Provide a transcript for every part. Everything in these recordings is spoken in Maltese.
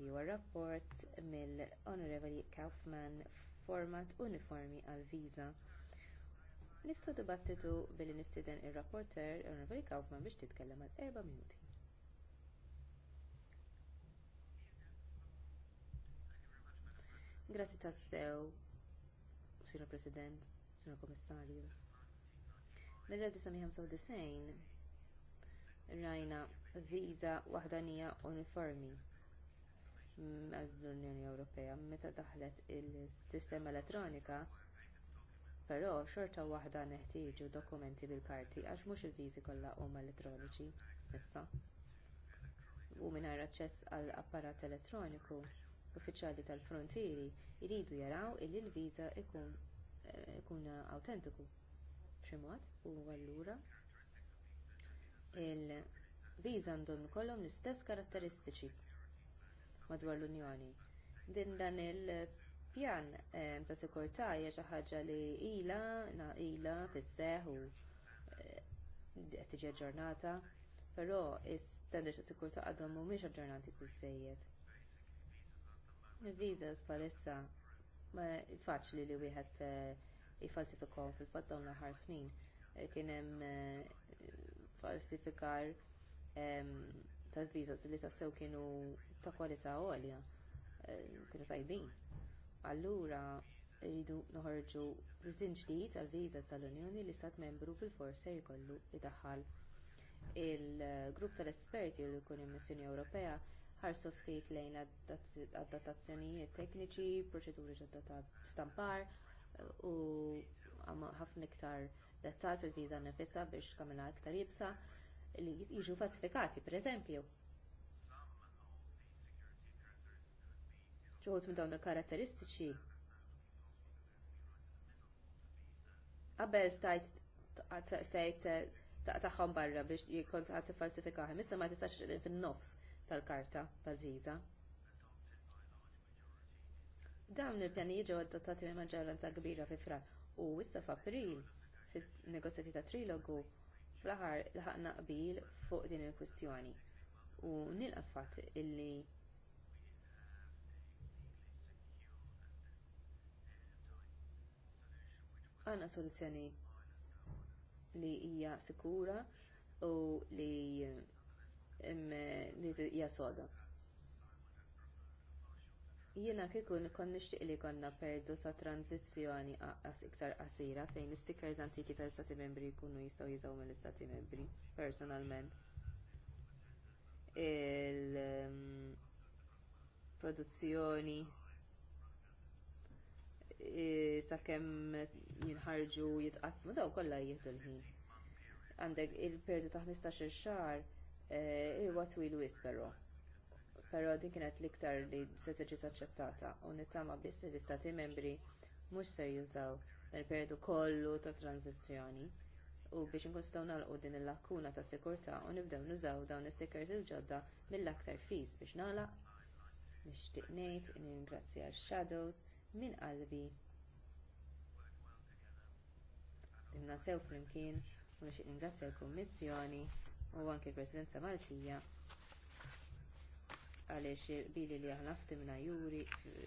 li huwa rapport mill-Onorevoli Kaufman format uniformi għal viża. Niftu dibattitu billi nistieden ir-rapporter Onorevoli Kaufman biex titkellem għal erba' minuti. Grazzi ta' sew, Sr. President, Sr. Komissarju. Mill-1995 rajna viża waħdanija uniformi għall-Unjoni Ewropea meta daħlet il-sistema elettronika, però xorta waħda neħtieġu dokumenti bil-karti għax mhux il-viżi kollha huma elettroniċi issa. U mingħajr aċċess għall apparat elettroniku, uffiċjali tal-frontieri jridu jaraw li l-viża ikun awtentiku b'xi mod u allura il-viża għandhom ikollhom l-istess karatteristiċi madwar l-Unjoni. Din dan il-pjan eh, ta' sikurtà hija xi ħaġa li ilha ilha fis u eh, qed tiġi aġġornata, però is-standards ta' sikurtà għadhom mhumiex aġġornati biżżejjed. Il-visas bħalissa faċli li wieħed eh, jifalsifikaw fil-fatt dawn l-aħħar snin kien hemm falsifikar tal-vizas li tassew kienu ta' kwalità għolja, eh, kienu tajbin. Allura rridu noħorġu rizin ġdid tal-vizas tal-Unjoni li stat membru fil forsa jkollu idaħħal il-grupp tal-esperti li jkun il-Missjoni Ewropea ħarsu ftit lejn adattazzjonijiet tekniċi, proċeduri ġodda ta' stampar eh, u ħafna iktar dettal fil-viża nifisha biex kamilha iktar jibsa li jiġu falsifikati, pereżempju. Ġuħut minn dawn il-karatteristiċi. Qabel stajt taqtaħħom barra biex jikont għad tifalsifikaħem, issa ma tistax fin-nofs tal-karta tal-viża. Dawn il-pjani jiġu adottati minn maġġoranza kbira fi frar u issa f'April fit negozjati ta' trilogu Fl-aħħar laħaqna qbil fuq din il-kwistjoni u nilqa' fatt illi għandna soluzzjoni li hija sikura u li mm, hija soda. Jiena kieku kon nixtieq li konna perdu ta' tranzizzjoni iktar qasira fejn l-istickers antiki tal-Istati Membri jkunu jistgħu jiżgħu mill-Istati Membri personalment. Il-produzzjoni ehm, sakemm jinħarġu jitqasmu daw kollha jieħdu l-ħin. Għandek il-perdu ta' 15-il xahar eh, huwa twil wisperu però din kienet l-iktar li se tiġi taċċettata u nittama biss li l-istati membri mhux se jużaw il-perjodu kollu ta' tranzizzjoni u biex nkunstaw nagħlqu din il-lakuna ta' sikurtà u nibdew nużaw dawn l-stickers il-ġodda mill-aktar fis biex nagħlaq nixtieq ngħid ningrazzja x-shadows minn qalbi. Imna sew flimkien u nixtieq ningrazzja l-Kummissjoni u anke l-Presidenza Maltija għaliex bili li aħna ftimna juri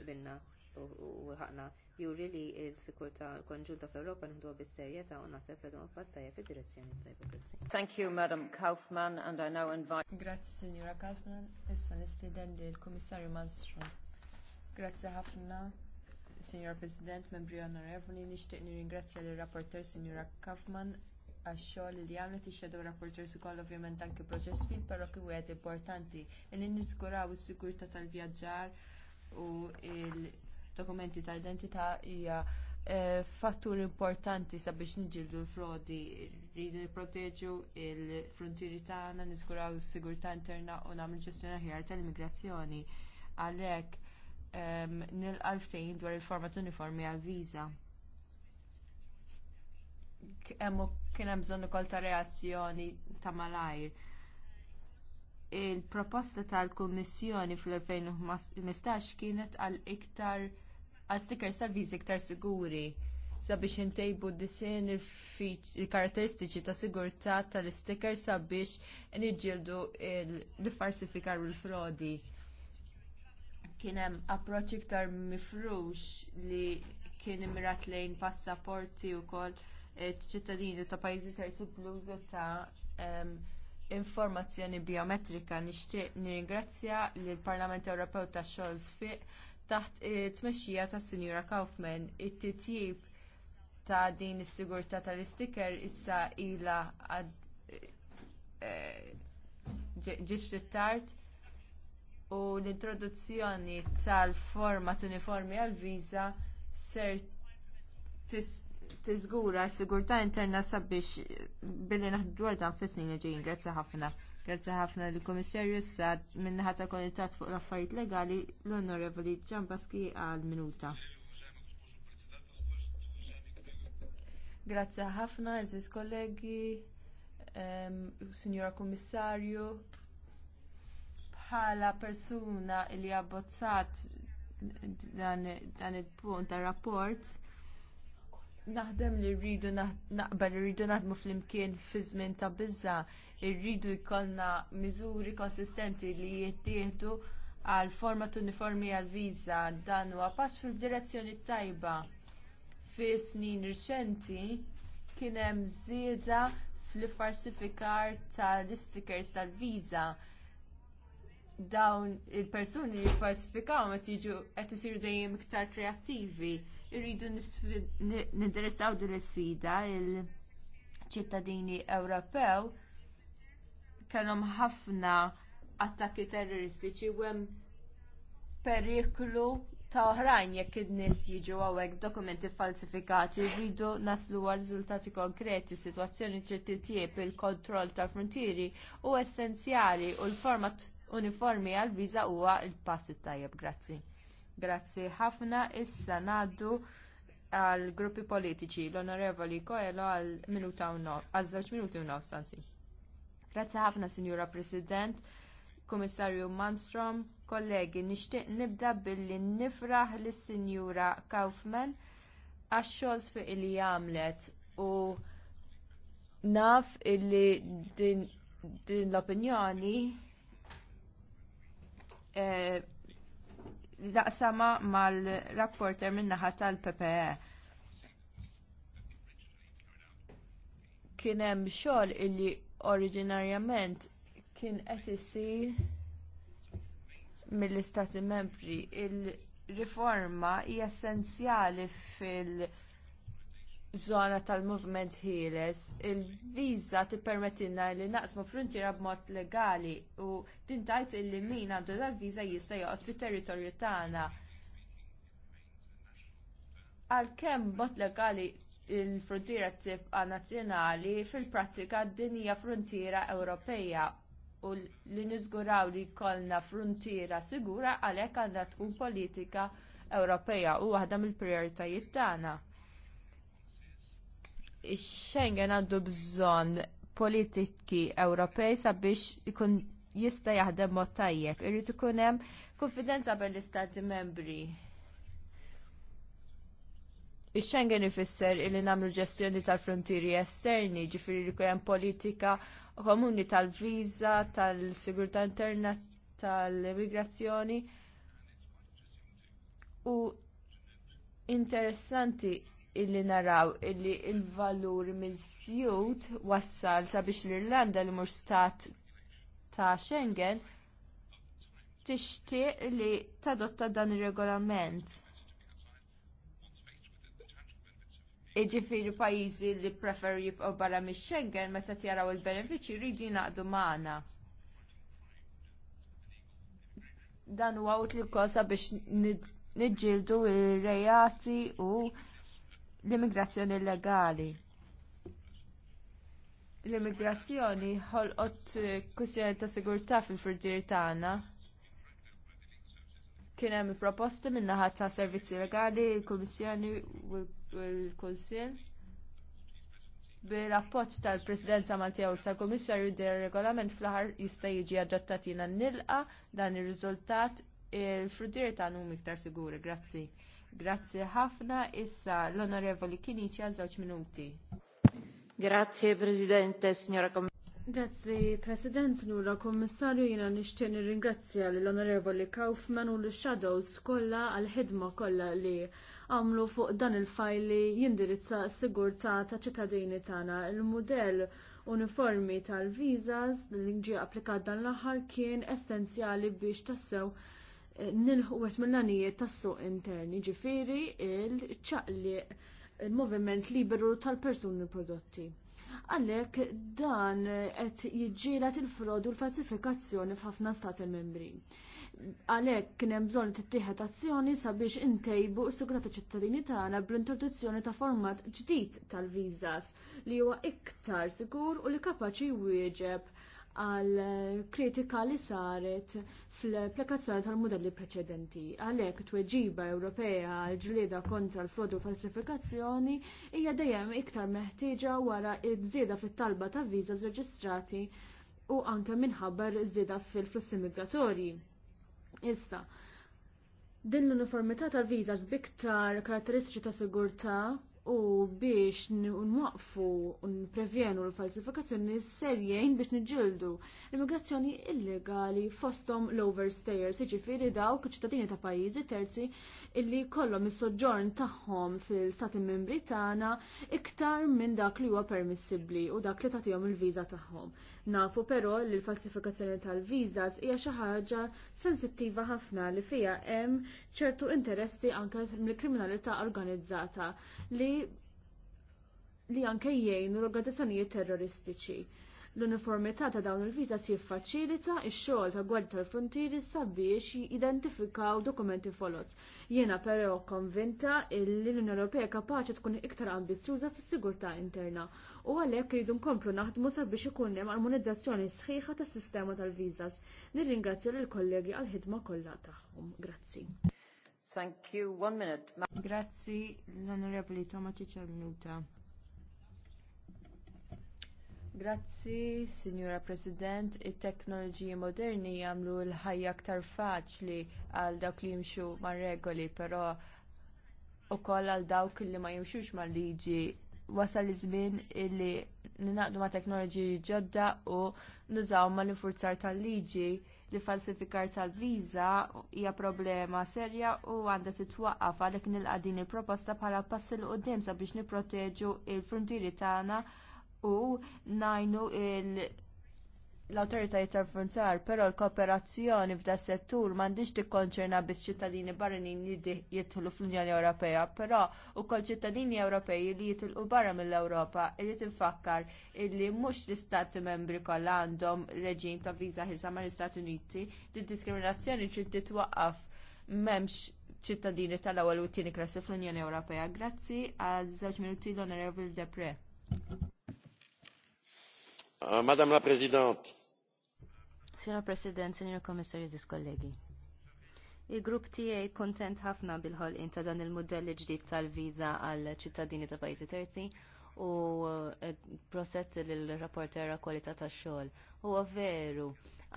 minna u ħakna juri li l-sikurtà konġunta fl-Ewropa nħdu bis-serjetà u naħseb li dom passajja fid-direzzjoni tajba. Grazzi. Thank you, Madam Kaufman, and I now invite. Grazzi, Signora Kaufman. Issa li l-Kummissarju Malmström. Grazzi ħafna. Signor President, membri onorevoli, rapporter Signora Kaufman għax-xogħol li għamlet ix rapporters ukoll ovvjament anke proċess twil però kien wieħed importanti li niżguraw is-sigurtà tal-vjaġġar u il-dokumenti ta' identità hija e, fattur importanti sabiex niġildu l-frodi rridu nipproteġu l frontieri tagħna, niżguraw is-sigurtà interna u nagħmlu ġestjoni aħjar tal-immigrazzjoni għalhekk nilqal ftehim dwar il-format uniformi għall viża hemm kien hemm bżonn ukoll ta' reazzjoni ta' malajr. Il-proposta tal-Kummissjoni fl-2015 kienet għal iktar għal stickers tal-viżi iktar siguri sabiex intejbu disin il-karatteristiċi ta' sigurtà tal-isticker sabiex niġġieldu l-falsifikar u l-frodi. Kien hemm approċċ iktar mifrux li kien imrat lejn passaporti wkoll ċittadini ta' pajjiżi terzi bluzu ta' informazzjoni biometrika nixtieq nirringrazzja lill parlament Ewropew tax-xogħol sfiq taħt it-tmexxija tas Sinjura Kaufman it-titjib ta' din is-sigurtà tal-istiker issa ilha e, e, ġiet tard u l-introduzzjoni tal-format uniformi għall viża ser tiżgura s-sigurtà interna sabiex billi naħdwar dan fis-snin li ġejjin. Grazzi ħafna. Grazzi ħafna lill kummissarju issa minnaħa ta' konitat fuq l-affarijiet legali l-Onorevoli Ġambaski għal minuta. Grazzi ħafna, eżis kollegi, Signora Kummissarju, bħala persuna li abbozzat dan il-punt tar rapport, Naħdem li rridu naqbel rridu naħdmu flimkien fi żmien ta' biża, rridu jkollna miżuri konsistenti li jittieħdu għal format uniformi għal viża dan huwa pass fil-direzzjoni tajba. Fi snin riċenti kien hemm żieda fl-falsifikar tal-istikers tal-viża dawn il-persuni li falsifikaw qed jiġu qed isiru dejjem iktar kreattivi irridu nidressaw din sfida isfida il-ċittadini Ewropew kellhom ħafna attakki terroristiċi u hemm periklu ta' oħrajn jekk in-nies jiġu hawnhekk dokumenti falsifikati rridu naslu għal riżultati konkreti, sitwazzjoni trid titjieb il-kontroll tal-frontieri u essenzjali u l-format uniformi għall viża huwa l-pass it-tajjeb. Grazzi. Grazzi ħafna issa ngħaddu għal gruppi politiċi l-Onorevoli Coelho għal minuta u no, għal żewġ minuti u nofs anzi. Grazzi ħafna Sinjura President, Kummissarju Malmstrom, kollegi, nixtieq nibda billi nifraħ lis sinjura Kaufman għax-xogħol fi li għamlet u naf illi din, din l-opinjoni eh, daqsama mal-rapporter min-naħa tal-PPE. Kien hemm xogħol illi oriġinarjament kien qed isir mill-Istati Membri. Il-riforma hija essenzjali fil- żona tal-movement ħieles, il-viża tippermettilna li naqsmu frontiera b'mod legali u din tajt illi min għandu dal-viża jista' joqgħod fit-territorju tagħna. Għalkemm b'mod legali l frontiera tibqa' nazzjonali fil-prattika din hija frontiera Ewropea u li niżguraw li jkollna frontiera sigura għalhekk għandha tkun politika Ewropea u waħda mill-prijoritajiet tagħna. Schengen għandu bżonn politiki Ewropej sabiex ikun jista' jaħdem mod tajjeb. Irrid ikun hemm konfidenza bel istati membri. Ix-Schengen ifisser li nagħmlu ġestjoni tal-frontieri esterni, ġifieri li hemm politika komuni tal-viża, tal-sigurtà interna, tal-immigrazzjoni. U interessanti illi naraw illi il-valur miżjud wassal sabiex l-Irlanda li mhux stat ta' Schengen tixtieq li tadotta dan ir-regolament. Jiġifieri pajjiżi li preferu jibqgħu barra mix Schengen meta tjaraw il-benefiċċji jridu jingħaqdu magħna. Dan huwa utli kosa biex niġġieldu ir rejati u l-immigrazzjoni illegali. L-immigrazzjoni ħolqot kwistjoni ta' sigurtà fil-furġier tagħna. Kien hemm proposti min-naħa ta' servizzi legali, l kummissjoni u l-Kunsill bil-appoġġ tal-Presidenza Maltew tal-Kummissarju der regolament fl-aħħar jista' jiġi adottat jiena nilqa dan ir-riżultat il-frutier tagħna huma iktar siguri. Grazzi. Grazzi ħafna issa l-Onorevoli Kinici għal żewġ minuti. Grazie Presidente, signora Commissaria. Grazzi, President, nula kommissarju jina nixtieq nirringrazzja lill onorevoli Kaufman u l-Shadows kollha għal-ħidma kollha li għamlu fuq dan il-fajl li jindirizza s-sigurtà ta' ċittadini tagħna. Il-mudell uniformi tal visas li ġie applikat dan l-aħħar kien essenzjali biex tassew nilħu għet mill-għanijiet tas-suq interni ġifiri il-ċaqli il-moviment liberu tal-persuni prodotti. Għallek dan qed jiġġielat il-frodu l-falsifikazzjoni f'ħafna stati membri. Għalhekk kien hemm bżonn tittieħed azzjoni sabiex intejbu s-sigurata ċittadini tagħna bl-introduzzjoni ta' format ġdid tal-viżas li huwa iktar sigur u li kapaċi jwieġeb għal kritika li saret fl-applikazzjoni tal-modelli preċedenti. Għalhekk tweġiba Ewropea għall ġlieda kontra l-frodu falsifikazzjoni hija dejjem iktar meħtieġa wara ż-żieda fit-talba ta' viżas reġistrati u anke minħabba żieda fil-flussi migratorji. Issa, din l-uniformità tal-viżas biktar karatteristiċi ta' sigurtà u biex n-waqfu u nprevjenu l-falsifikazzjoni serjejn biex niġġieldu l-immigrazzjoni illegali fosthom l-overstayers, jiġifieri dawk ċittadini ta' pajjiżi terzi illi jkollhom is-soġġorn tagħhom fil-Stati Membri tagħna iktar minn dak li huwa permissibbli u dak li tagħtihom il-viża tagħhom. Nafu però li l-falsifikazzjoni tal-viżas hija xi ħaġa sensittiva ħafna li fiha hemm ċertu interessi anke mill-kriminalità organizzata li li anke jgħinu l-organizzazzjonijiet terroristiċi. L-uniformità ta' dawn il-viża jiffaċilita x-xogħol ta' Gwardja tal-Frontieri sabiex jidentifikaw dokumenti foloz. Jiena però konvinta li l-Unjoni Ewropea kapaċi tkun iktar ambizzjuża fis-sigurtà interna u għalhekk iridu nkomplu naħdmu sabiex ikun hemm armonizzazzjoni sħiħa tas-sistema tal-viżas. Nirringrazzja lill kollegi għall-ħidma kollha tagħhom. Grazzi. Thank you. One minute. Grazzi l-Onorevoli Tomacic minuta. Grazzi, Signora President, it-teknoloġiji moderni jagħmlu l-ħajja aktar faċli għal dawk li jimxu mar regoli, però wkoll għal dawk li ma jimxux mal liġi. Wasal iż-żmien illi ninaqdu ma' teknoloġiji ġodda u nużaw mal-infurzar tal-liġi li falsifikar tal-viża hija problema serja u għandha titwaqqaf għalhekk nilqa' din il-proposta bħala pass il qudiem sabiex nipproteġu l fruntiri tagħna u ngħinu l l-autoritajiet tal-funzar, però l-kooperazzjoni f'da settur m'għandix tikkonċerna biss ċittadini barranin li jidħlu fl-Unjoni Ewropea, però wkoll ċittadini Ewropej li jitilqu barra mill-Ewropa irid infakkar illi mhux l-istati membri kollha għandhom reġim ta' viża ħisa mal-Istati Uniti li diskriminazzjoni trid titwaqqaf m'hemmx ċittadini tal-ewwel u t-tieni klassi fl-Unjoni Ewropea. Grazzi għal żewġ minuti l-Onorevole Depre. Uh, Madame la Présidente, Sina President, Senior Komissarju, Ziz kollegi. Il-grupp tiegħi kuntent ħafna bil-ħolqien ta' dan il-modell ġdid tal-viża għal ċittadini ta' pajjiżi terzi u eh, prosett lill rapportera kwalità tax-xogħol. Huwa veru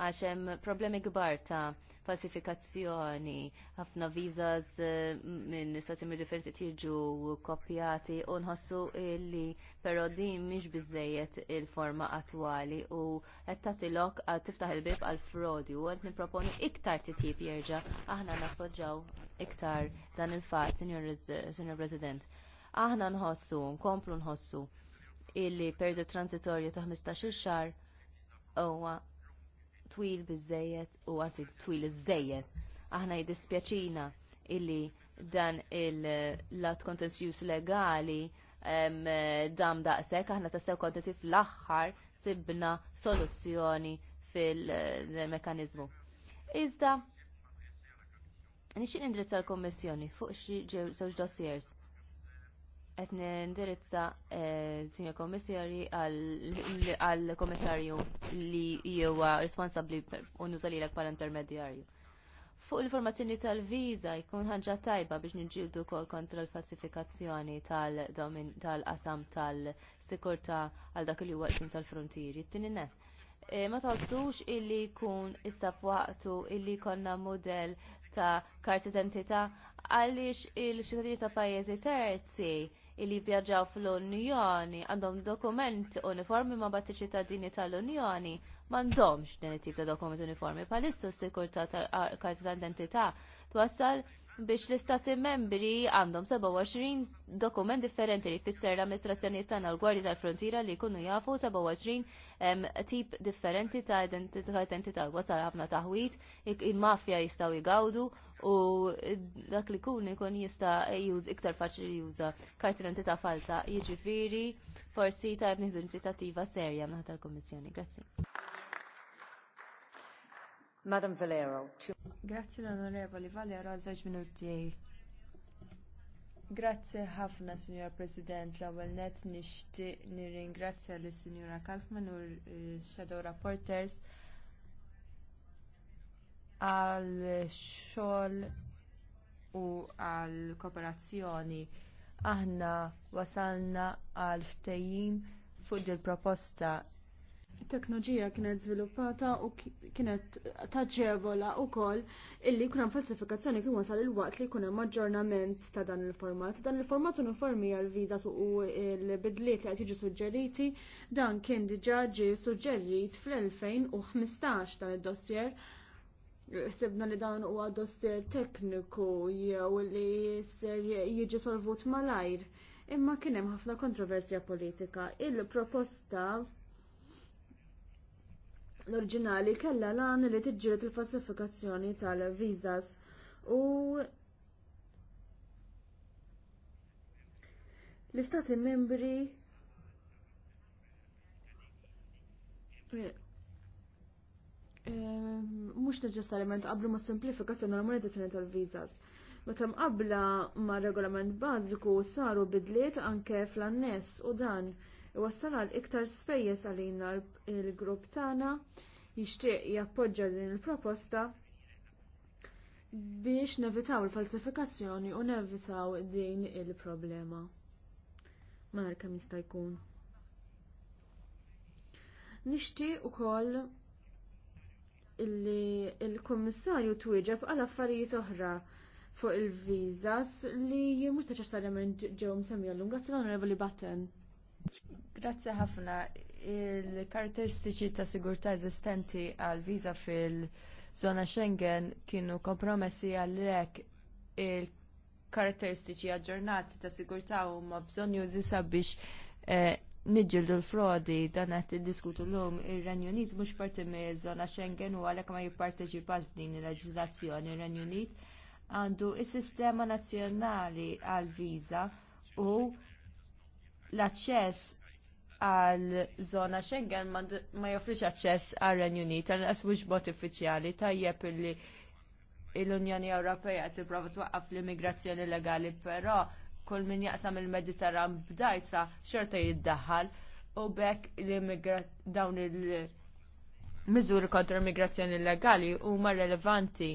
għax hemm problemi kbar ta' falsifikazzjoni, ħafna visas eh, minn stati mill differenti tiġu kopjati u nħossu li però din mhix biżżejjed il-forma attwali u qed tagħtilok għal tiftaħ il-bib għal frodi u qed nipproponi iktar titjib jerġa' aħna nappoġġaw iktar dan il-fatt, Sinjor President. Aħna nħossu, nkomplu nħossu illi perżi transitorju ta' 15-il xahar huwa twil bizzejiet u għati twil iż Aħna jiddispjaċina illi dan il-lat kontenzjus legali dam daqsek, aħna tassew kontenti fl-axħar sibna soluzzjoni fil-mekanizmu. Iżda, nixin indrizza l-Kommissjoni fuq xi żewġ dossiers qed nindirizza eh, sinja kommissarji għal kummissarju li huwa responsabbli u nużalilek bħala intermedjarju. Fuq l-informazzjoni tal-viża jkun ħaġa tajba biex niġġieldu wkoll kontra l-falsifikazzjoni tal-qasam tal-sikurtà għal dak li huwa tal-frontieri. Tieni eh, Ma tħossux illi jkun issa waqtu illi jkollna mudell ta' karta identità għaliex il-ċittadini ta' pajjiżi terzi Illi vjaġġaw fl-Unjoni għandhom dokument uniformi ma bat ċittadini tal-Unjoni m'għandhomx din it-tip ta' dokument uniformi. Palissa s-sikurtà tal-karta tal identità twassal biex l-istati membri għandhom 27 dokument differenti li fisser l-amministrazzjoni tagħna l gwardji tal frontira li jkunu jafu 27 tip differenti ta' identità wasal ħafna taħwit, il-mafja jistgħu jgawdu u dak li kun ikun jista już iktar faċli juża karti l-entità falsa jiġifieri forsi tajb nieħdu inizjattiva serja naħta l-Kummissjoni. Grazzi. Madam Valero. Grazzi l-Onorevoli Valero għal żewġ minuti. Grazzi ħafna, Signor President. L-ewwel nett nixtieq nirringrazzja lis-Sinjura Kalfman u eh, Shadow Rapporters għal xogħol u għal kooperazzjoni. Aħna wasalna għal ftehim fuq il proposta teknoloġija kienet żviluppata u kienet taġġevola wkoll illi jkun hemm falsifikazzjoni kien wasal il-waqt li jkun hemm aġġornament ta' dan il-format. Dan il-format uniformi għal viża u l-bidliet li qed jiġu suġġeriti dan kien diġà ġie suġġerit fl-2015 dan id-dossier Sebna li dan huwa dossier tekniku jew li ser jiġi solvut malajr. Imma kien hemm ħafna kontroversja politika. Il-proposta l-oriġinali kellha lan li tiġġieled il-falsifikazzjoni tal-viżas u l-istati membri mhux neċessarjament qablu ma' simplifikazzjoni normalizzazzjoni tal vizas Meta mqabbla ma' regolament bażiku saru bidliet anke fl-anness u dan iwassal għal iktar spejjeż għalina l-grupp tagħna jixtieq jappoġġa din il-proposta biex nevitaw il-falsifikazzjoni u nevitaw din il-problema. Mar kemm jista' jkun. Nixtieq ukoll illi il-Kummissarju twieġeb għal affarijiet oħra fuq il-vizas li mhux neċessarjament ġew msemmi llum. Grazzi l-Onorevoli Batten. Grazzi ħafna. Il-karatteristiċi ta' sigurtà eżistenti għal viża fil-żona Schengen kienu kompromessi għalhekk il-karatteristiċi aġġornati ta' sigurtà huma bżonn jużi sabiex eh, niġġieldu l-frodi dan qed iddiskutu llum ir-Renju Unit mhux parti miż-żona Schengen u għalhekk ma jipparteċipax f'din il-leġiżlazzjoni ir-Renju Unit għandu is-sistema nazzjonali għall viża u l-aċċess għal żona Schengen ma joffriċ aċċess għal Renju Unit, għal mhux bot uffiċjali tajjeb illi l-Unjoni Ewropea tipprova twaqqaf l-immigrazzjoni legali, però kull min jaqsam il-Mediterran b'dajsa xorta jiddaħħal u bekk dawn il-miżuri kontra immigrazzjoni illegali huma relevanti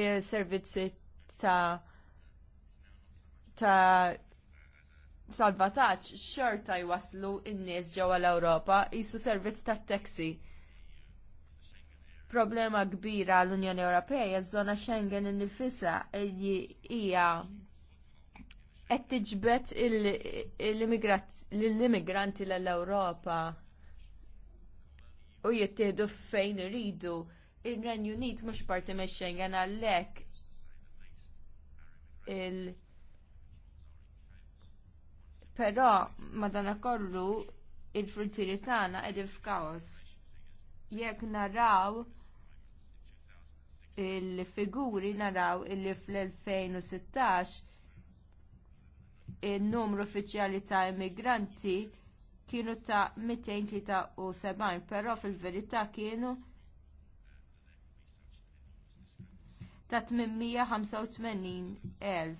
il-servizzi ta' ta' salvataġġ xorta jwaslu n-nies ġewwa l-Ewropa jisu servizz tat-taxi problema kbira għall unjoni Ewropea hija żona Schengen innifisha li hija qed tiġbed l-immigranti l-Ewropa u jittieħdu fejn iridu. Ir-Renju Unit mhux parti mix Schengen għalhekk il- Però madanakollu il-frontieri tagħna qegħdin f'kaos. Jekk naraw il-figuri naraw illi fl-2016 in numru uffiċjali ta' immigranti kienu ta' 273, però fil-verità kienu ta' 885,000.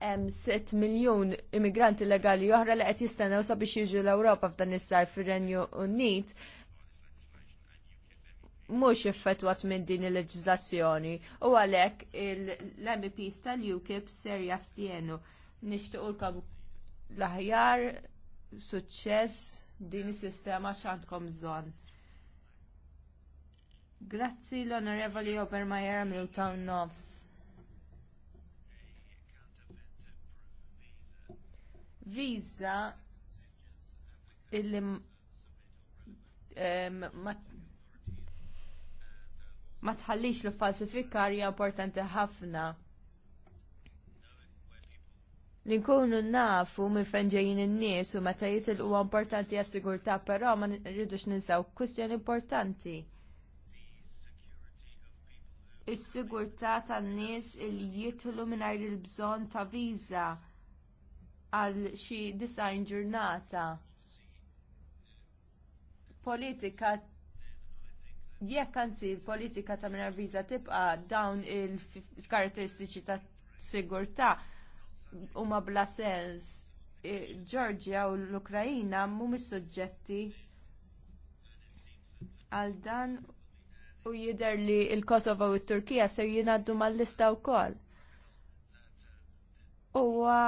Hemm 6 miljun immigranti legali oħra li qed jistennew sabiex jiġu l-Ewropa f'dan is-sar fir-Renju Unit mhux effettwat minn din il-leġiżlazzjoni u għalhekk l-MEPs tal-UKIP ser jastienu nixtiequ l-aħjar suċċess din is-sistema x'għandkom bżonn. Grazzi l-Onorevoli Obermajer Milton Nofs. Visa il um, ma tħallix li falsifikar hija importanti ħafna. Li nkunu nafu minn fejn ġejjin in-nies u meta jitilqu importanti għas sigurtà però ma rridux ninsaw kwistjoni importanti. Is-sigurtà tan-nies li jitlu mingħajr il-bżonn ta' viża għal xi design ġurnata. Politika jekk anzi l-politika ta' mingħajr viża tibqa' dawn il-karatteristiċi ta' sigurtà huma bla sens Ġorġja u l-Ukrajina mhumiex suġġetti għal dan u jidher li l kosovo u t-Turkija ser jingħaddu mal-lista wkoll. Huwa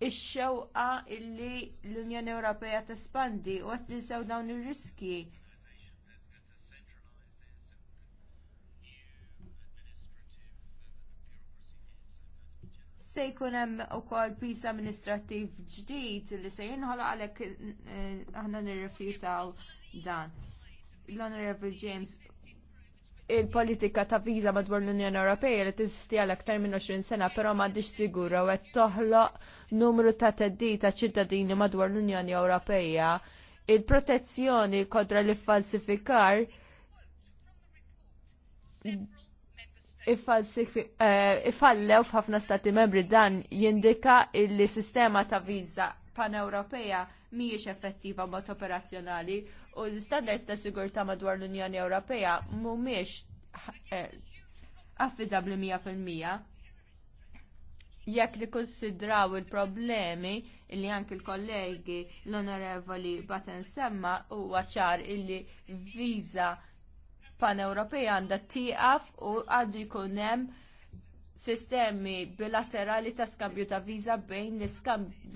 ix-xewqa illi l-Unjoni Ewropea tespandi u qed ninsew dawn ir-riski. se jkun hemm ukoll pis amministrattiv ġdid li se jinħoloq għalhekk eh, aħna nirrifjutaw dan. L-Honorable James il-politika ta' viża madwar l-Unjoni Ewropea li tiżisti għal aktar minn 20 sena, però m'għandix sigura u qed toħloq numru ta' teddi ta' ċittadini madwar l-Unjoni Ewropea. Il-protezzjoni kontra l-falsifikar eh, fallew f'ħafna stati membri dan jindika il-sistema ta' viża pan-Ewropea mhijiex effettiva mod operazzjonali u l-standards ta' sigurtà madwar l-Unjoni Ewropea mhumiex eh, affidabli mija Jekk nikkonsidraw il-problemi li anki l-kollegi l-onorevoli Batten semma huwa ċar illi viża pan-Ewropea għandha tieqaf u għadu jkun hemm sistemi bilaterali ta' skambju ta' viża bejn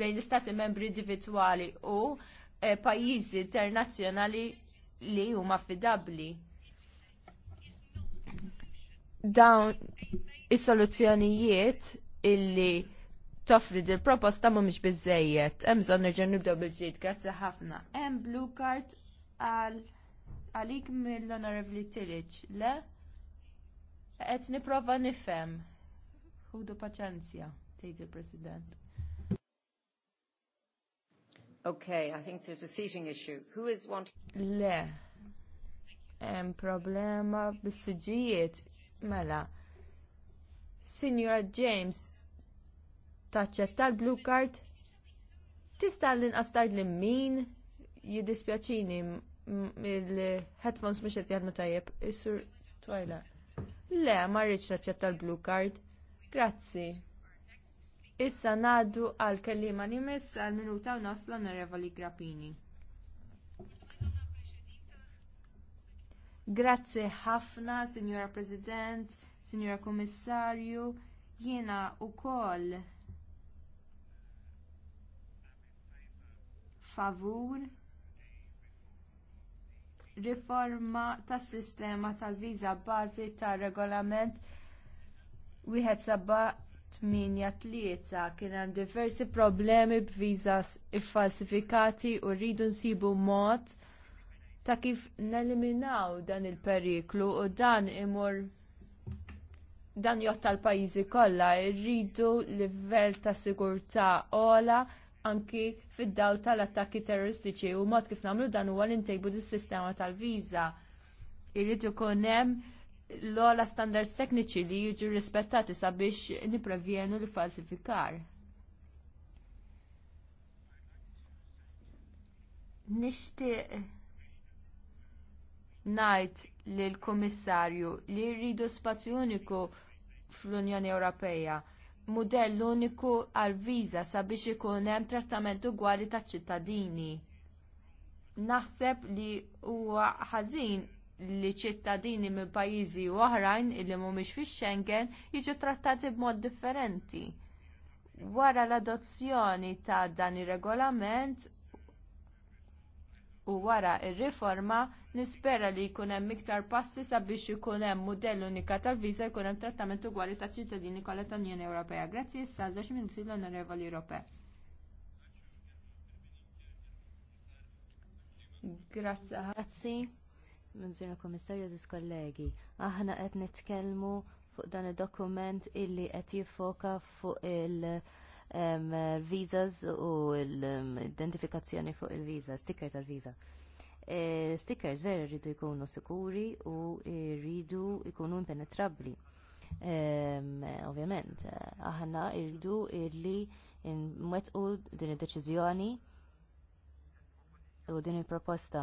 l-istati membri individwali u e, pajjiżi internazzjonali li huma fidabbli. Dawn is-soluzzjonijiet illi toffri il proposta mhumiex biżżejjed. Hemm bżonn nerġa' nibdew bil-ġdid. Grazzi ħafna. Hemm blue card għal għalik mill-Honorable Tillich, Le? Qed nipprova nifhem Udu paċenzja, tgħid il-President. Okay, I think there's a seating issue. Who is want Le. Hemm problema bis siġijiet Mela. Signora James, taċċetta l-blue card? Tista' l-inqas tgħid min jiddispjaċini il-headphones mhux qed jaħdmu tajjeb. Is-sur Twila. Le, ma rridx taċċetta l-blue card. Grazzi. Issa ngħaddu għal kelliema li miss għal minuta u naslu onorevoli Grappini. Grazzi ħafna, Signora President, Signora Kommissarju, jiena wkoll favur riforma tas sistema tal-viża bażi tar regolament wieħed seba' tminja tlieta kien hemm diversi problemi b'viżas iffalsifikati u rridu nsibu mod ta' kif neliminaw dan il-periklu u dan imur dan jotta l pajjiżi kollha rridu livell ta' sigurtà ogħla anki fid-dawl tal-attakki terroristiċi u mod kif nagħmlu dan huwa li ntejbu dis-sistema tal-viża. Irrid ikun hemm l għala standards tekniċi li jiġu rispettati sabiex niprevjenu li falsifikar. Nixtieq ngħid lill kummissarju li rridu spazju uniku fl-Unjoni Ewropea, mudell uniku għal viza sabiex ikun hemm trattament ugwali taċ ċittadini. Naħseb li huwa ħażin li ċittadini minn pajjiżi oħrajn li mhumiex fix-Schengen jiġu trattati b'mod differenti. Wara l-adozzjoni ta' dan ir-regolament u wara r riforma nispera li jkun hemm iktar passi sabiex ikun hemm mudell unika tal-viża jkun hemm trattament ugwali taċ ċittadini kollha tal-Unjoni Ewropea. Grazzi issa żewġ minuti l-Onorevoli Lopez. Grazzi. Minn Komissarju ziz kollegi, aħna qed nitkellmu fuq dan id-dokument illi qed jiffoka fuq il-visas u l-identifikazzjoni fuq il-visa, sticker tal-visa. E, stickers veri rridu jkunu sikuri u rridu jkunu impenetrabbli. Ovvjament, aħna rridu illi nwettqu din id-deċiżjoni u din il-proposta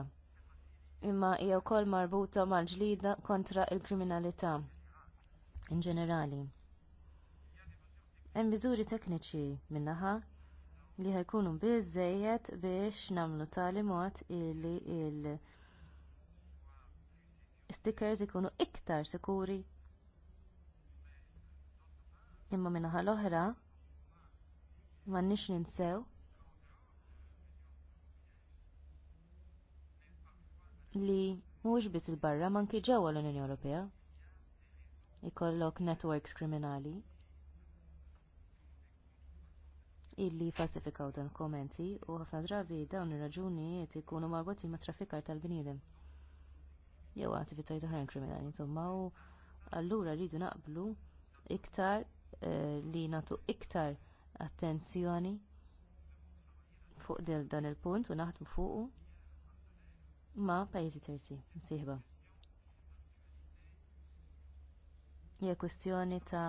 imma hija wkoll marbuta mal-ġlida kontra l kriminalità in ġenerali. Hemm miżuri tekniċi min-naħa li ħajkunu biżżejjed biex nagħmlu tali mod li l stickers ikunu iktar sikuri imma min-naħa l-oħra m'għandniex ninsew li mhux biss il-barra manki ġewwa l-Unjoni Ewropea ikollok networks kriminali illi jfalsifikaw dan kommenti u ħafna drabi dawn ir-raġunijiet ikunu marbutin mat traffikar tal-bniedem. Jew attivitajiet oħrajn kriminali insomma u allura rridu naqblu iktar eh, li nagħtu iktar attenzjoni fuq dan il-punt u naħdmu fuqu ma pajjiżi terzi msieħba. Hija kwestjoni ta'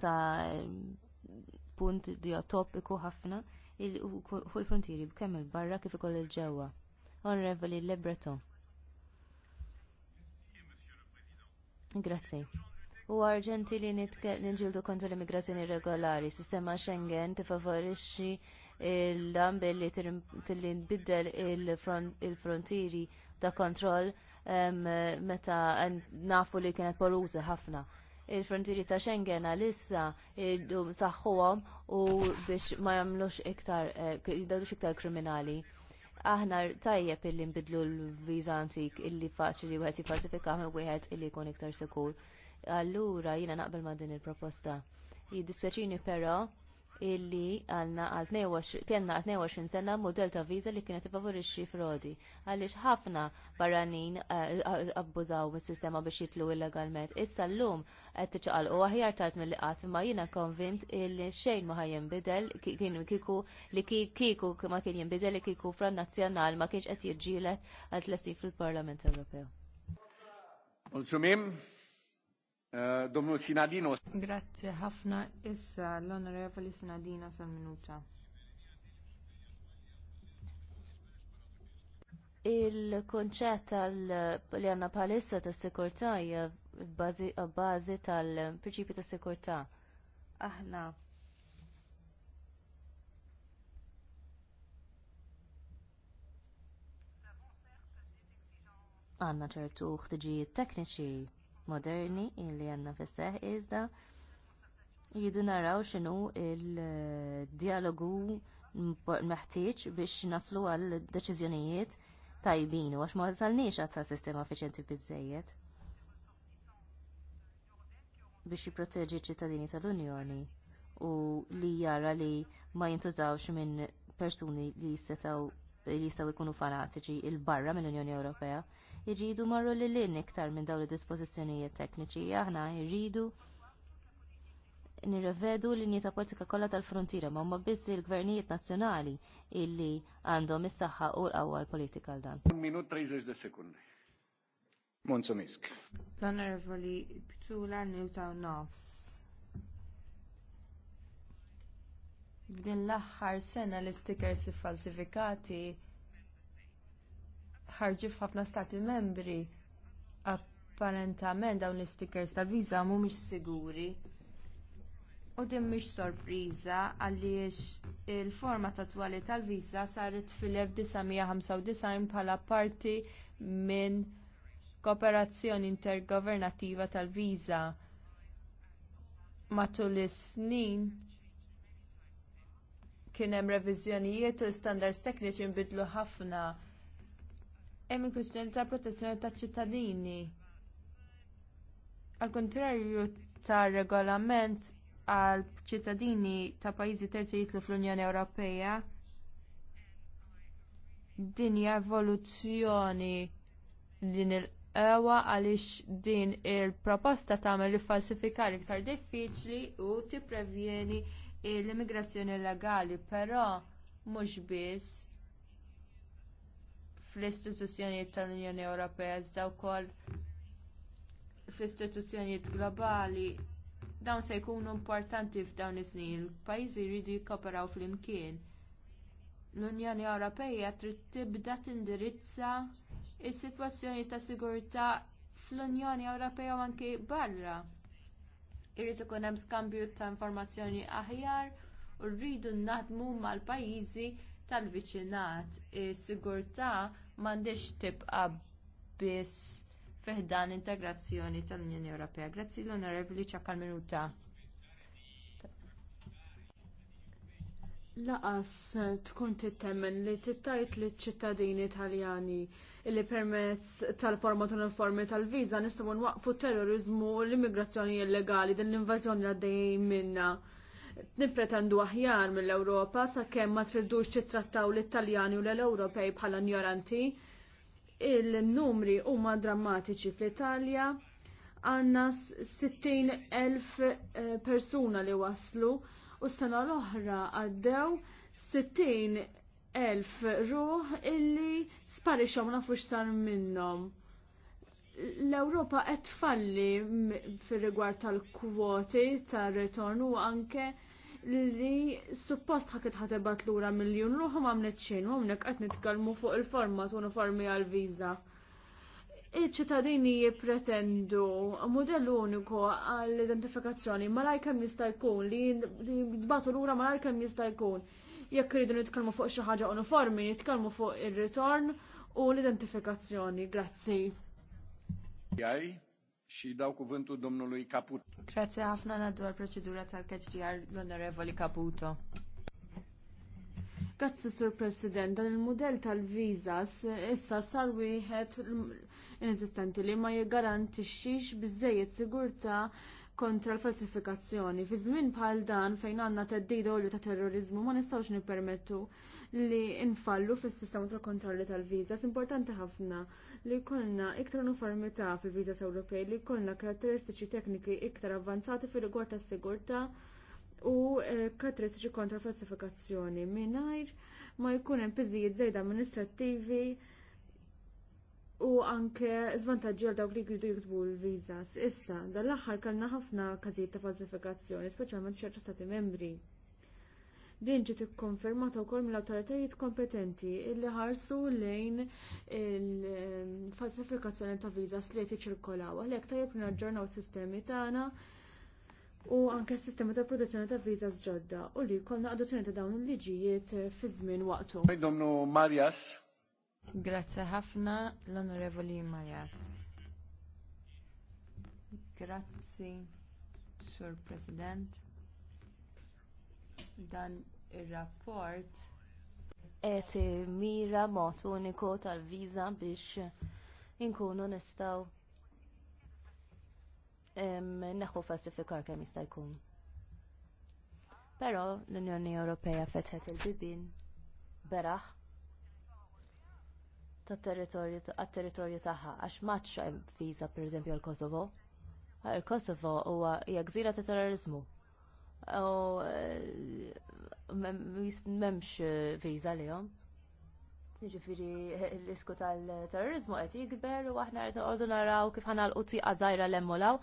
ta' punt topiku ħafna fuq il-frontieri kemm il-barra kif ikoll il-ġewwa. Onorevoli Lebreton. Grazie. U arġenti li nġildu kontra l-immigrazzjoni regolari, sistema Schengen tifavorixxi l dan billi tinbiddel il-frontieri ta' kontroll meta nafu li kienet poluża ħafna. Il-frontieri ta' Schengen għalissa saħħuhom u biex ma jagħmlux iktar eh, jidadux iktar kriminali. Aħna tajjeb illi nbidlu l-viża antik illi faċli wieħed jifalsifikaħ u wieħed illi jkun iktar sikur allura jiena naqbel ma' din il-proposta. Jiddispjaċini però illi għandna għal 22 sena mudell ta' viża li kienet favorixxi frodi għaliex ħafna barranin eh, abbużaw mis sistema biex jitlu illegalment. Issa llum qed u aħjar tard mill qatt imma jiena konvint illi xejn ma ħaj jinbidel kieku li kieku ma kien jinbidel li kieku fran nazzjonal ma kienx qed jiġġieled għal tlessin fil-Parlament Ewropew. Eh, domnul Sinadino. Grazie Hafna. issa l-Onorevoli Sinadino sal minuta. Il-konċett tal li għanna palissa ta' sekurtà hija bażi tal-prinċipju ta' sekurtà. Aħna għandna ċertu ħtiġijiet tekniċi moderni illi għandna fis-seħħ iżda jridu naraw x'inhu il-dialogu meħtieġ biex naslu għal deċiżjonijiet tajbin u għax ma wasalniex għad sistema efficienti biżżejjed biex jipproteġi ċittadini tal-Unjoni u li jara li ma jintużawx minn persuni li jistgħu jkunu fanatiċi il barra mill-Unjoni Ewropea irridu marru li lin iktar minn dawn id-dispożizzjonijiet tekniċi. Aħna irridu nirrevedu l-linji ta' politika kollha tal-frontiera ma' huma biss il-gvernijiet nazzjonali illi għandhom is-saħħa u l-qawwa politika għal dan. Minut 30 sekundi. Monsumisk. L-Onorevoli Ptula Newtaw Nofs. Din l-aħħar sena l-istikers iffalsifikati ħarġu f'ħafna stati membri. Apparentament dawn l-stickers tal-viża mhumiex siguri. U din mhix sorpriża għaliex il-forma tatwali tal-viża saret fil-1995 bħala parti minn kooperazzjoni intergovernattiva tal-viża. Matul is-snin kien hemm reviżjonijiet u standards tekniċi nbidlu ħafna hemm il-kwistjoni ta' protezzjoni taċ ċittadini. għall kontrarju tar regolament għal ċittadini ta' pajjiżi terzi jitlu fl-Unjoni Ewropea din hija evoluzzjoni din il-ewa għaliex din il-proposta tagħmel iffalsifikar iktar diffiċli u tipprevjeni l-immigrazzjoni illegali, però mhux biss fl-istituzzjonijiet tal-Unjoni Ewropea iżda wkoll fl-istituzzjonijiet globali dawn se jkunu importanti f'dawn is-snin. Il-pajjiżi jridu jikkoperaw flimkien. L-Unjoni Ewropea trid tibda tindirizza s sitwazzjoni ta' sigurtà fl-Unjoni Ewropea u anke barra. Irrid ikun hemm skambju ta' informazzjoni aħjar u rridu naħdmu mal-pajjiżi tal-viċinat. Is-sigurtà m'għandix tibqa' biss fih dan integrazzjoni tal-Unjoni Ewropea. Grazzi l-Onorevoli ċakal minuta. Laqas tkun tittemmen li tittajt li ċittadini Taljani li permezz tal forma tal uniformi tal-viża nistgħu nwaqfu terrorizmu u l-immigrazzjoni illegali din l-invażjoni għaddej minnha nippretendu aħjar mill-Ewropa sakemm ma tridux titrattaw l-Italjani u l-Ewropej bħala ignoranti. Il-numri huma drammatiċi fl-Italja. Għanna 60.000 eh, persuna li waslu u s-sena l-oħra għaddew 60.000 ruħ illi sparixxew nafux sar minnhom l-Ewropa qed tfalli fir-rigward tal-kwoti tar-ritorn u anke li suppost ħakit ħatebat lura miljun ruħu għamlet xejn u mnek qed nitkellmu fuq il-format uniformi għall viża Iċ-ċittadini jippretendu modell uniku għall-identifikazzjoni ma kemm jista' jkun li jibbatu lura ura kemm jista' jkun. Jekk rridu nitkellmu fuq xi ħaġa uniformi, nitkalmu fuq ir-ritorn u l-identifikazzjoni. Grazzi. Jaj, xi daw kuventu domnului Caputo. Grazie ħafna nadwar proċedura tal-KHDR l-Onorevoli Caputo. Grazzi Sur President, dan il mudell tal-vizas issa sar wieħed inżistenti li ma jiggarantixxix biżżejjed sigurtà kontra l-falsifikazzjoni. Fi żmien bħal dan fejn għandna teddida u ta' terrorizmu ma nistgħux nippermettu li infallu fis-sistema tal-kontrolli tal-viżas importanti ħafna li jkollna iktar uniformità fil-viżas Ewropej li jkollna karatteristiċi tekniki iktar avanzati fir-rigward tas-sigurtà u eh, karatteristiċi kontra falsifikazzjoni mingħajr ma jkun hemm piżijiet żejda amministrattivi u anke żvantaġġi għal dawk li jridu jiktbu l-viżas. Issa, dan l aħħar kellna ħafna każijiet ta' falsifikazzjoni, speċjalment f'ċerti stati membri. Din ġiet ikkonfermata wkoll mill-awtoritajiet kompetenti illi ħarsu lejn il-falsifikazzjoni ta' viża li qed Għalhekk tajjeb naġġornaw is-sistemi tagħna u anke s-sistema ta' produzzjoni ta' viża ġodda u li jkollna adozzjoni ta' dawn il-liġijiet fi żmien waqtu. Domnu Marjas. Grazzi ħafna l-Onorevoli Marjas. Grazzi, Sur President. Dan ir-rapport qed mira mod uniku tal-viża biex inkunu nistgħu neħu falsifikar kemm jista' jkun. Però l-Unjoni Ewropea fetħet il-bibin beraħ tat-territorju tagħha għax m'għadx hemm viża pereżempju għall kosovo Għal-Kosovo huwa hija gżira ta' terrorizmu u eh, memx eh, viża jom. Ġifiri, l-risku tal-terrorizmu qed jikber u aħna qed għoddu naraw kif għana l-qutzi għażajra l-emmolaw,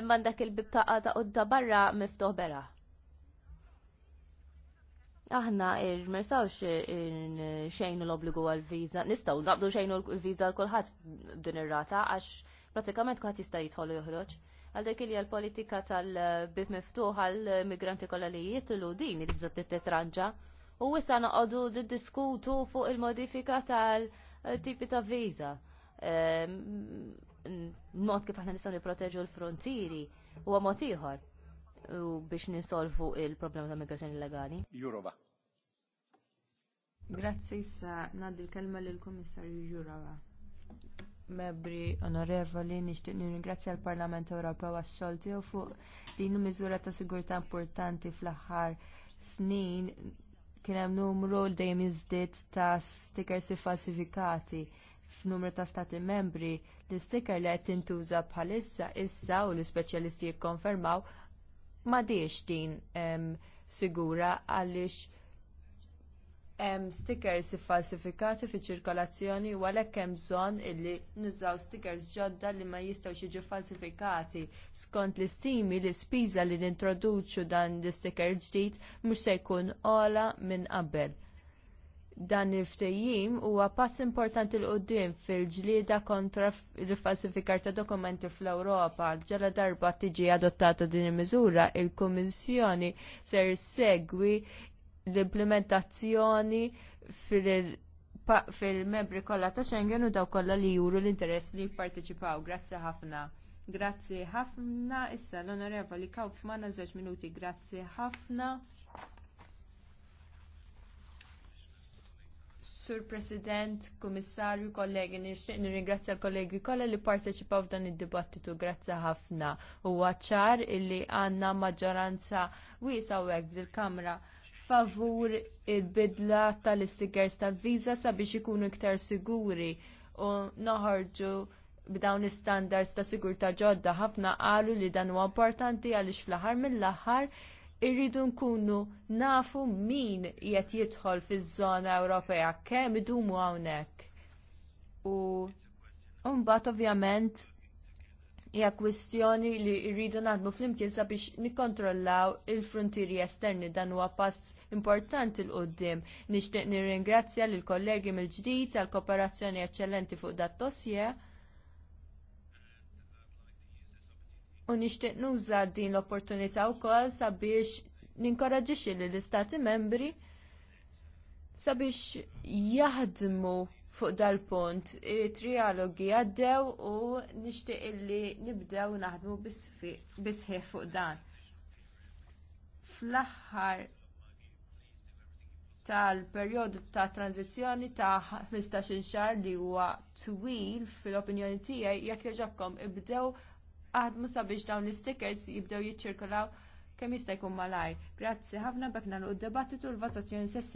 imma dak il-bibtaqa ta' għodda barra miftuħ bera. Aħna il-mersawx xejn l-obbligu għal-viża, nistgħu naqbdu xejn l-viża l kulħadd b'din ir-rata għax pratikament kħat jista' jidħol u joħroġ għal dik li l-politika tal-bib miftuħ għal migranti kollha li jitlu din li tżatt titranġa. U issa noqogħdu diskutu fuq il-modifika tal-tipi ta' viża. Mod kif aħna nistgħu nipproteġu l-frontieri huwa mod ieħor biex nisolvu il-problema ta' migrazzjoni illegali. Jurova. Grazzi issa ngħaddi l-kelma lill-Kummissarju Jurova membri onorevoli, nixtieq nirringrazzja l-Parlament Ewropew għax-xogħol tiegħu fuq din miżura ta' sigurtà importanti fl-aħħar snin kien hemm numru dejjem iżdied ta' stickers iffalsifikati f'numru ta' stati membri l-isticker li qed tintuża bħalissa issa u l-ispeċjalisti jikkonfermaw m'għadix din ehm, sigura għaliex hemm stickers iffalsifikati fi ċirkolazzjoni u għalhekk hemm bżonn illi nużaw stickers ġodda li ma jistgħux jiġu falsifikati. Skont l-istimi li spiża li nintroduċu dan l-sticker ġdid mhux se jkun għola minn qabel. Dan il-ftejjim huwa pass importanti l qudiem fil-ġlieda kontra l-falsifikar ta' dokumenti fl-Ewropa. Ġala darba tiġi adottata din il-miżura, il-Kummissjoni ser segwi l-implementazzjoni fil-membri kollha ta' Schengen u dawk kollha li juru l-interess li jipparteċipaw. Grazzi ħafna. Grazzi ħafna. Issa l-Onorevoli Kaufman żewġ minuti. Grazzi ħafna. Sur President, Kummissarju, kollegi, nixtieq nirringrazzja l-kollegi kollha li parteċipaw f'dan id-dibattitu grazzi ħafna. Huwa ċar illi għandna maġġoranza u hekk fil-Kamra favur il-bidla tal istikers tal-viża sabiex ikunu iktar siguri u noħorġu b'dawn l-istandards ta' sigurtà ġodda ħafna qalu li dan huwa importanti għaliex fl-aħħar mill-aħħar irridu nkunu nafu min qed jidħol fiż-żona Ewropea kemm idumu hawnhekk. U mbagħad ovvjament hija kwistjoni li rridu naħdmu flimkien sabiex nikkontrollaw il-frontieri esterni dan huwa pass importanti l qoddim Nixtieq nirringrazzja lill kollegi mill-ġdid għall kooperazzjoni eċċellenti fuq dat dossier. U nixtieq nuża din l-opportunità wkoll sabiex ninkoraġixxi lill istati membri sabiex jaħdmu fuq dal-punt. Trialogi għaddew u nixtieq illi nibdew naħdmu bisħieħ fuq dan. Fl-aħħar tal-perjodu ta' transizzjoni ta' 15-il xahar li huwa twil fil-opinjoni tiegħi jekk jogħġobkom ibdew aħdmu sabiex dawn l-stickers jibdew jiċċirkulaw kemm jista' jkun malajr. Grazzi ħafna bekk nagħlqu d-debattitu l-votazzjoni sessi